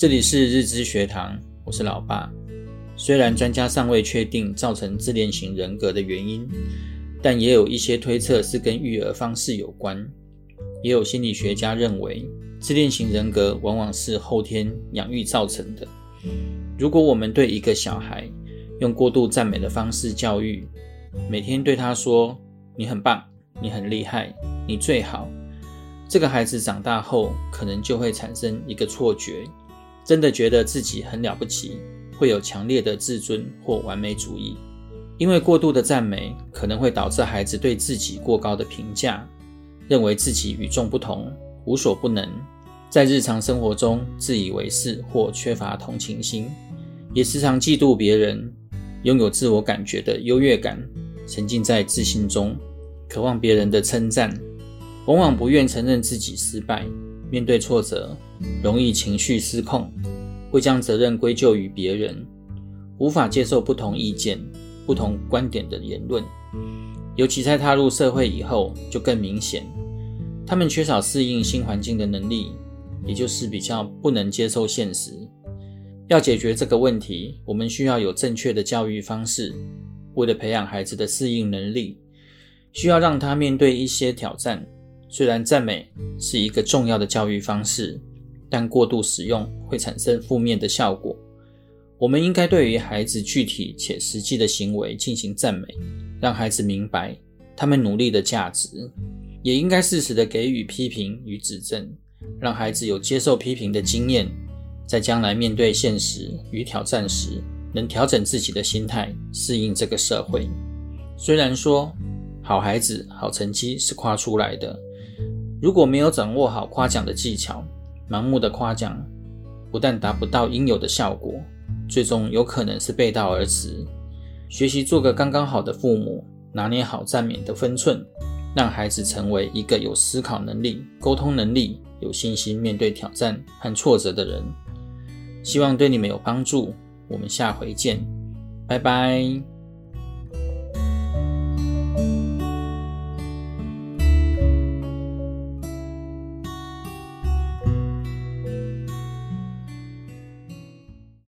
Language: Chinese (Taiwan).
這裡是日知學堂，我是老爸。雖然專家尚未確定造成自戀型人格的原因，但也有一些推測是跟育兒方式有關。也有心理學家認為，自戀型人格往往是後天養育造成的。如果我們對一個小孩用過度讚美的方式教育，每天對他說“你很棒，你很厲害，你最好”，這個孩子長大後可能就會產生一個錯覺。真的覺得自己很了不起，會有強烈的自尊或完美主義。因為過度的讚美，可能會導致孩子對自己過高的評價，認為自己與眾不同、無所不能，在日常生活中自以為是或缺乏同情心，也時常嫉妒別人，擁有自我感覺的優越感，沉浸在自信中，渴望別人的稱讚，往往不願承認自己失敗。面對挫折，容易情緒失控，會將責任歸咎於別人，無法接受不同意見、不同觀點的言論。尤其在踏入社會以後，就更明顯。他們缺少適應新環境的能力，也就是比較不能接受現實。要解決這個問題，我們需要有正確的教育方式。為了培養孩子的適應能力，需要讓他面對一些挑戰。雖然讚美是一個重要的教育方式，但過度使用會產生負面的效果。我們應該對於孩子具體且實際的行為進行讚美，讓孩子明白他們努力的價值；也應該適時的給予批評與指正，讓孩子有接受批評的經驗，在將來面對現實與挑戰時，能調整自己的心態，適應這個社會。雖然說好孩子、好成績是誇出來的。如果沒有掌握好誇獎的技巧，盲目的誇獎不但達不到應有的效果，最終有可能是背道而馳。學習做個剛剛好的父母，拿捏好讚美的分寸，讓孩子成為一個有思考能力、溝通能力、有信心面對挑戰和挫折的人。希望對你們有幫助。我們下回見，拜拜。